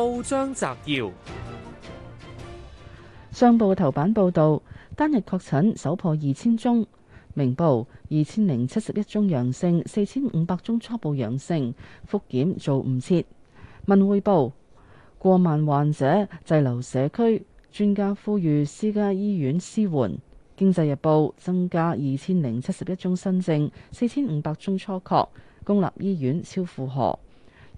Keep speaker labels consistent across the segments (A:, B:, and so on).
A: 報章摘要：
B: 商報頭版報道，單日確診首破二千宗。明報二千零七十一宗陽性，四千五百宗初步陽性，複檢做唔切。文匯報過萬患者滯留社區，專家呼籲私家醫院施援。經濟日報增加二千零七十一宗新症，四千五百宗初確，公立醫院超負荷。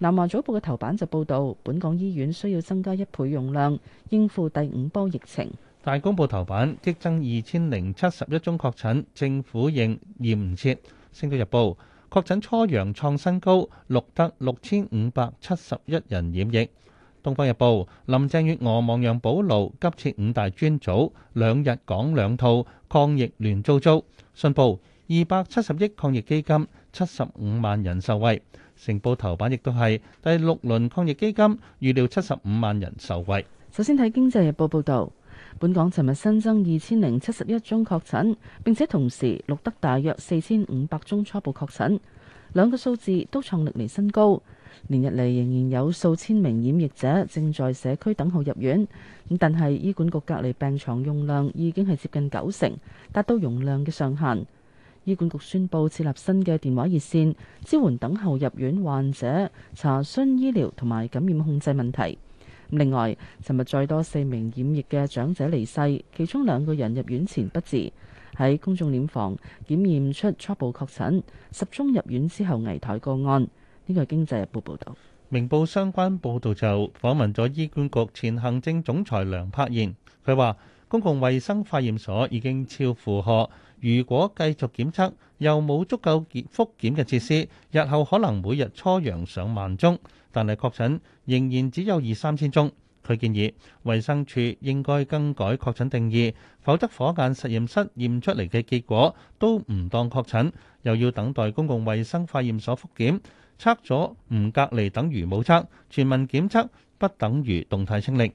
B: 南華早報嘅頭版就報道，本港醫院需要增加一倍用量，應付第五波疫情。
A: 大公報頭版，激增二千零七十一宗確診，政府應變唔切。星島日報，確診初陽創新高，錄得六千五百七十一人染疫。東方日報，林鄭月娥亡羊補牢急設五大專組，兩日講兩套抗疫亂糟糟。信報，二百七十億抗疫基金，七十五萬人受惠。成報頭版亦都係第六輪抗疫基金，預料七十五萬
B: 人受惠。首先睇經濟日報報導，本港尋日新增二千零七十一宗確診，並且同時錄得大約四千五百宗初步確診，兩個數字都創歷年新高。連日嚟仍然有數千名染疫者正在社區等候入院，咁但係醫管局隔離病床用量已經係接近九成，達到容量嘅上限。醫管局宣布設立新嘅電話熱線，支援等候入院患者，查詢醫療同埋感染控制問題。另外，尋日再多四名染疫嘅長者離世，其中兩個人入院前不治，喺公眾殮房檢驗出初步確診，十宗入院之後危殆個案。呢個係經濟日報報道。
A: 明報相關報道就訪問咗醫管局前行政總裁梁柏賢，佢話公共衛生化驗所已經超負荷。如果繼續檢測，又冇足夠檢復檢嘅設施，日後可能每日初陽上萬宗，但係確診仍然只有二三千宗。佢建議衛生署應該更改確診定義，否則火眼實驗室驗出嚟嘅結果都唔當確診，又要等待公共衛生化驗所復檢，測咗唔隔離等於冇測，全民檢測不等於動態清零。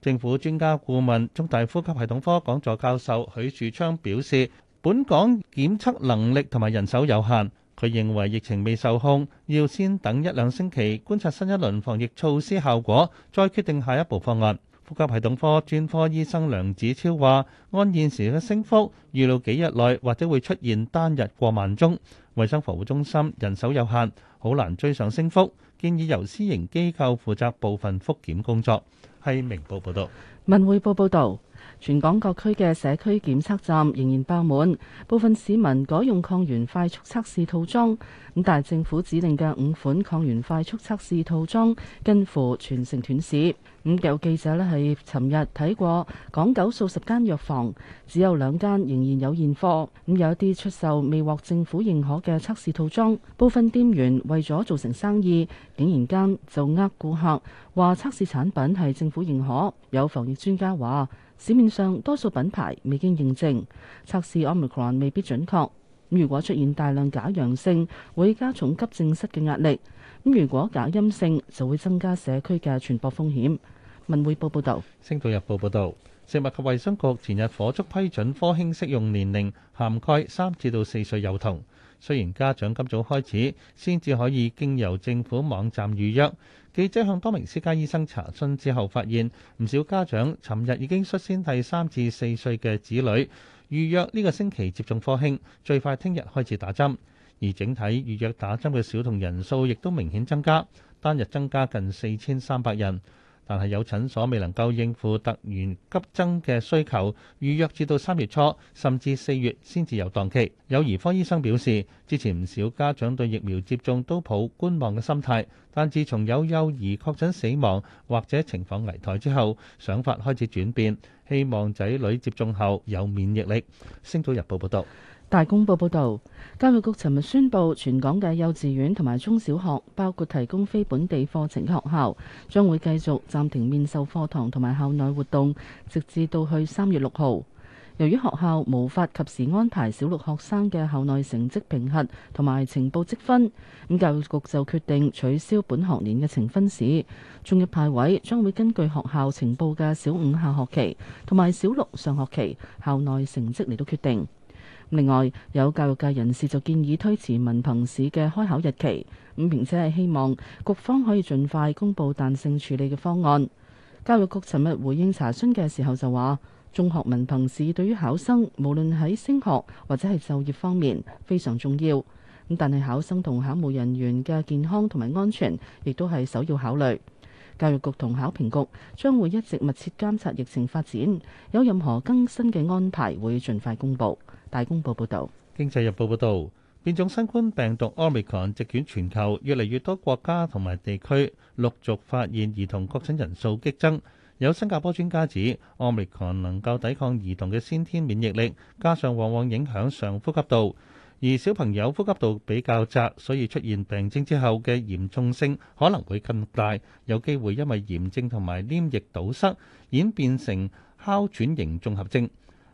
A: 政府專家顧問、中大呼吸系統科講座教授許樹昌表示。本港檢測能力同埋人手有限，佢認為疫情未受控，要先等一兩星期觀察新一輪防疫措施效果，再決定下一步方案。呼吸系統科專科醫生梁子超話，按現時嘅升幅，預料幾日內或者會出現單日過萬宗。衛生防護中心人手有限，好難追上升幅，建議由私營機構負責部分復檢工作。
B: 係明報報導，文匯報報導。全港各區嘅社區檢測站仍然爆滿，部分市民改用抗原快速測試套裝，咁但係政府指定嘅五款抗原快速測試套裝近乎全城斷市。咁有記者咧係尋日睇過港九數十間藥房，只有兩間仍然有現貨，咁有一啲出售未獲政府認可嘅測試套裝，部分店員為咗做成生意，竟然間就呃顧客話測試產品係政府認可。有防疫專家話。市面上多數品牌未經認證，測試 Omicron 未必準確。咁如果出現大量假陽性，會加重急症室嘅壓力；咁如果假陰性，就會增加社區嘅傳播風險。文匯報報導，
A: 《星島日報》報導，食物及衞生局前日火速批准科興適用年齡涵蓋三至到四歲幼童，雖然家長今早開始先至可以經由政府網站預約。記者向多名私家醫生查詢之後，發現唔少家長尋日已經率先替三至四歲嘅子女預約呢個星期接種科興，最快聽日開始打針。而整體預約打針嘅小童人數亦都明顯增加，單日增加近四千三百人。但係有診所未能夠應付突然急增嘅需求，預約至到三月初甚至四月先至有檔期。有兒科醫生表示，之前唔少家長對疫苗接種都抱觀望嘅心態，但自從有幼兒確診死亡或者情況危殆之後，想法開始轉變，希望仔女接種後有免疫力。
B: 星島日報報道。大公報報導，教育局尋日宣布，全港嘅幼稚園同埋中小學，包括提供非本地課程嘅學校，將會繼續暫停面授課堂同埋校內活動，直至到去三月六號。由於學校無法及時安排小六學生嘅校內成績評核同埋呈報積分，咁教育局就決定取消本學年嘅呈分試。中一派位將會根據學校呈報嘅小五下學期同埋小六上學期校內成績嚟到決定。另外，有教育界人士就建議推遲文憑試嘅開考日期，咁並且係希望局方可以盡快公布彈性處理嘅方案。教育局尋日回應查詢嘅時候就話，中學文憑試對於考生無論喺升學或者係就業方面非常重要，咁但係考生同考務人員嘅健康同埋安全，亦都係首要考慮。教育局同考評局將會一直密切監察疫情發展，有任何更新嘅安排，會盡快公佈。大公報報道，
A: 《經濟日報》報道，變種新冠病毒奧密克戎席捲全球，越嚟越多國家同埋地區陸續發現兒童確診人數激增。有新加坡專家指，奧密克戎能夠抵抗兒童嘅先天免疫力，加上往往影響上呼吸道。而小朋友呼吸道比較窄，所以出現病症之後嘅嚴重性可能會更大，有機會因為炎症同埋黏液堵塞演變成哮喘型綜合症。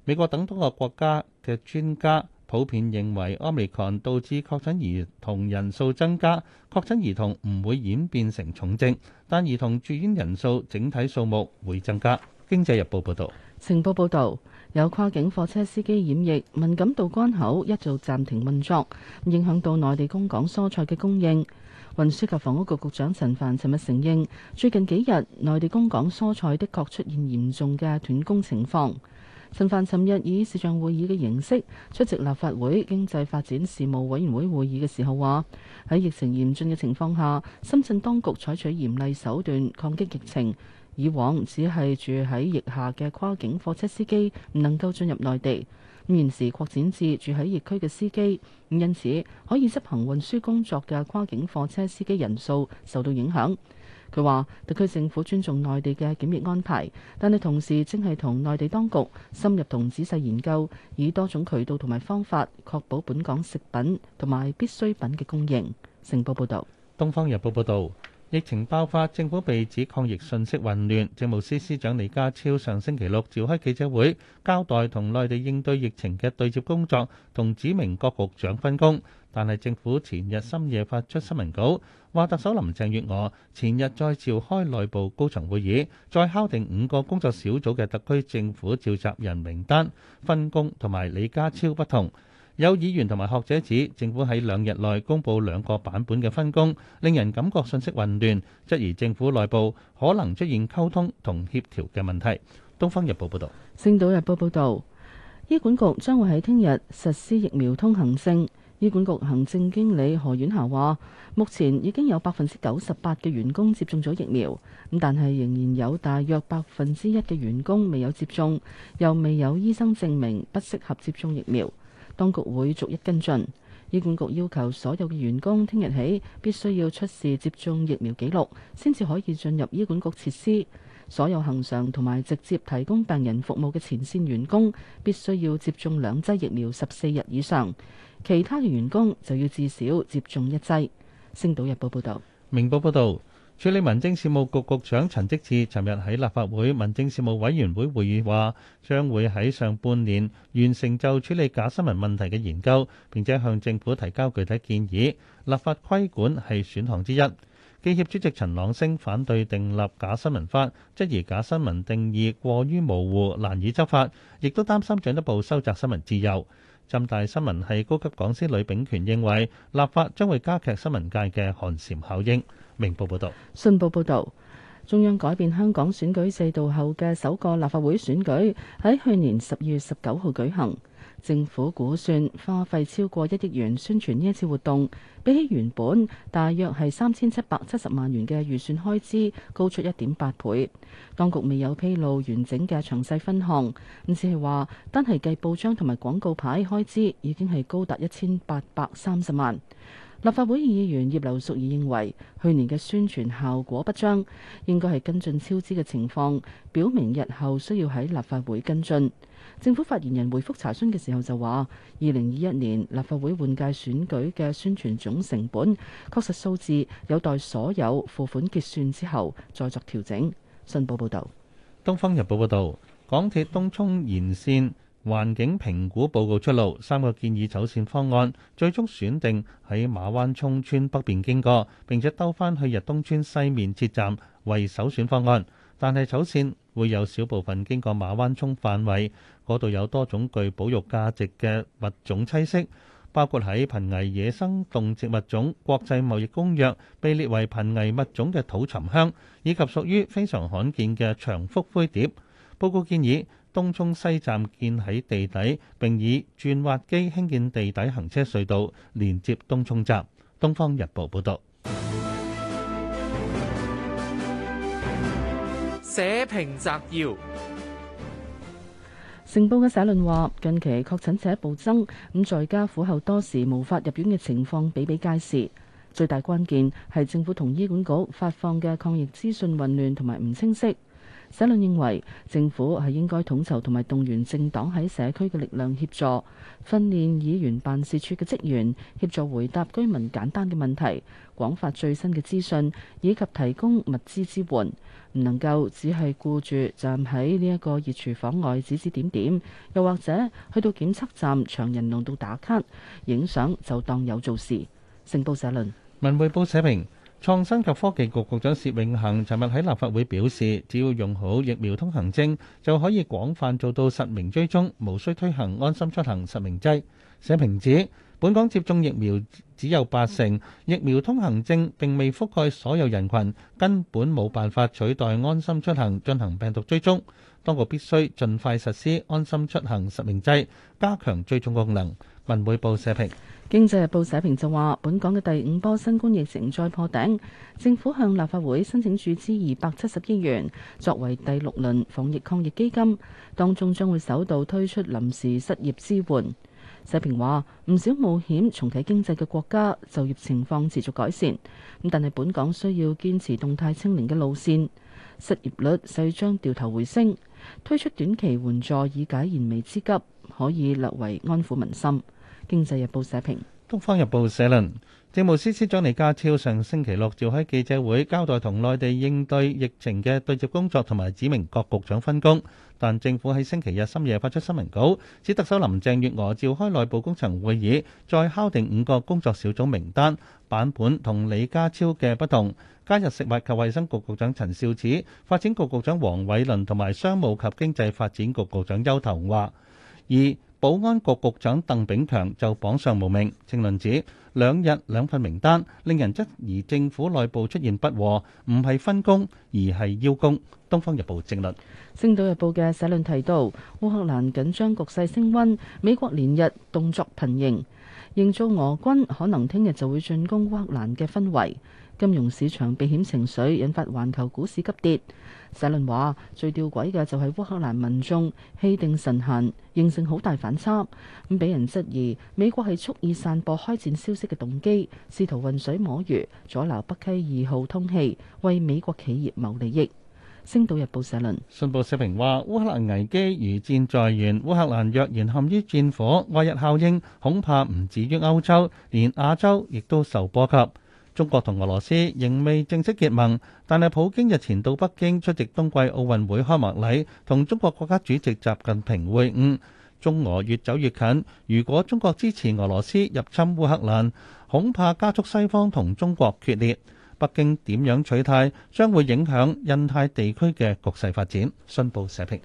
A: 美國等多個國家嘅專家普遍認為，Omicron 導致確診兒童人數增加，確診兒童唔會演變成重症，但兒童住院人數整體數目會增加。經濟日報報道，
B: 情報報道。有跨境貨車司機染疫，敏感道關口一早暫停運作，影響到內地供港蔬菜嘅供應。運輸及房屋局局長陳帆尋日承認，最近幾日內地供港蔬菜的確出現嚴重嘅斷供情況。陳帆尋日以視像會議嘅形式出席立法會經濟發展事務委員會會議嘅時候話：喺疫情嚴峻嘅情況下，深圳當局採取嚴厲手段抗擊疫情。以往只係住喺疫廈嘅跨境貨車司機唔能夠進入內地，咁現時擴展至住喺疫區嘅司機，因此可以執行運輸工作嘅跨境貨車司機人數受到影響。佢話：特區政府尊重內地嘅檢疫安排，但係同時正係同內地當局深入同仔細研究，以多種渠道同埋方法確保本港食品同埋必需品嘅供應。成報報道。
A: 《東方日報》報道。疫情爆發，政府被指抗疫信息混亂。政務司司長李家超上星期六召開記者會，交代同內地應對疫情嘅對接工作，同指明各局長分工。但係政府前日深夜發出新聞稿，話特首林鄭月娥前日再召開內部高層會議，再敲定五個工作小組嘅特區政府召集人名單，分工同埋李家超不同。有議員同埋學者指，政府喺兩日內公布兩個版本嘅分工，令人感覺信息混亂，質疑政府內部可能出現溝通同協調嘅問題。《東方日報》報道。
B: 《星島日報》報道，醫管局將會喺聽日實施疫苗通行證。醫管局行政經理何婉霞話，目前已經有百分之九十八嘅員工接種咗疫苗，咁但係仍然有大約百分之一嘅員工未有接種，又未有醫生證明不適合接種疫苗。當局會逐一跟進。醫管局要求所有嘅員工聽日起必須要出示接種疫苗記錄，先至可以進入醫管局設施。所有行常同埋直接提供病人服務嘅前線員工必須要接種兩劑疫苗十四日以上，其他嘅員工就要至少接種一劑。星島日報報道。
A: 明報報道。處理民政事務局局長陳積志尋日喺立法會民政事務委員會會議話，將會喺上半年完成就處理假新聞問題嘅研究，並且向政府提交具體建議。立法規管係選項之一。記協主席陳朗昇反對訂立假新聞法，質疑假新聞定義過於模糊，難以執法，亦都擔心進一步收窄新聞自由。浸大新聞系高級講師呂秉權認為，立法將會加劇新聞界嘅寒蟬效應。明報報道。
B: 信報報道，中央改變香港選舉制度後嘅首個立法會選舉喺去年十二月十九號舉行。政府估算花費超過一億元宣傳呢一次活動，比起原本大約係三千七百七十萬元嘅預算開支高出一點八倍。當局未有披露完整嘅詳細分項，咁只係話單係計報章同埋廣告牌開支已經係高達一千八百三十萬元。立法會議員葉劉淑儀認為，去年嘅宣傳效果不彰，應該係跟進超支嘅情況，表明日後需要喺立法會跟進。政府發言人回覆查詢嘅時候就話，二零二一年立法會換屆選舉嘅宣傳總成本，確實數字有待所有付款結算之後再作調整。信報報道：
A: 《東方日報》報道，港鐵東涌延線。環境評估報告出爐，三個建議走線方案最終選定喺馬灣涌村北邊經過，並且兜翻去日東村西面設站為首選方案。但係走線會有少部分經過馬灣涌範圍，嗰度有多種具保育價值嘅物種棲息，包括喺《瀕危野生動植物種國際貿易公約》被列為瀕危物種嘅土沉香，以及屬於非常罕見嘅長腹灰蝶。報告建議。東涌西站建喺地底，並以鑽挖機興建地底行車隧道，連接東涌站。東方日報
B: 報道。
A: 社評摘要：
B: 成報嘅社論話，近期確診者暴增，咁在家苦候多時無法入院嘅情況比比皆是。最大關鍵係政府同醫管局發放嘅抗疫資訊混亂同埋唔清晰。社論認為政府係應該統籌同埋動員政黨喺社區嘅力量，協助訓練議員辦事處嘅職員，協助回答居民簡單嘅問題，廣發最新嘅資訊，以及提供物資支援，唔能夠只係顧住站喺呢一個熱廚房外指指點點，又或者去到檢測站長人龍到打卡影相就當有做事。成報社論，
A: 文匯報社評。創新及科技局局長薛永恆尋日喺立法會表示，只要用好疫苗通行證，就可以廣泛做到實名追蹤，無需推行安心出行實名制。社評指，本港接種疫苗只有八成，疫苗通行證並未覆蓋所有人群，根本冇辦法取代安心出行進行病毒追蹤。當局必須盡快實施安心出行實名制，加強追蹤功能。文匯報社評。
B: 經濟日報社評就話：本港嘅第五波新冠疫情再破頂，政府向立法會申請注資二百七十億元，作為第六輪防疫抗疫基金，當中將會首度推出臨時失業支援。社評話：唔少冒險重啟經濟嘅國家，就業情況持續改善，咁但係本港需要堅持動態清零嘅路線，失業率勢將掉頭回升，推出短期援助以解燃眉之急，可以略為安撫民心。經濟日報社評，
A: 東方日報社論。政務司司長李家超上星期六召開記者會，交代同內地應對疫情嘅對接工作，同埋指明各局長分工。但政府喺星期日深夜發出新聞稿，指特首林鄭月娥召開內部工程會議，再敲定五個工作小組名單版本，同李家超嘅不同，加入食物及衛生局局長陳肇始、發展局局長黃偉綸同埋商務及經濟發展局局長邱騰華。保安局局長鄧炳強就榜上無名，政論指兩日兩份名單令人質疑政府內部出現不和，唔係分工而係邀功。東方日報政論，
B: 星島日報嘅社論提到烏克蘭緊張局勢升溫，美國連日動作頻仍，營造俄軍可能聽日就會進攻烏克蘭嘅氛圍。金融市場避險情緒引發環球股市急跌。社論話：最吊詭嘅就係烏克蘭民眾氣定神閒，形成好大反差。咁俾人質疑美國係蓄意散播開戰消息嘅動機，試圖渾水摸魚，阻撓北溪二號通氣，為美國企業謀利益。星島日報社論，
A: 信報社評話：烏克蘭危機如箭在弦，烏克蘭若然陷於戰火，外溢效應恐怕唔止於歐洲，連亞洲亦都受波及。中國同俄羅斯仍未正式結盟，但係普京日前到北京出席冬季奧運會開幕禮，同中國國家主席習近平會晤。中俄越走越近，如果中國支持俄羅斯入侵烏克蘭，恐怕加速西方同中國決裂。北京點樣取態，將會影響印太地區嘅局勢發展。信報社評。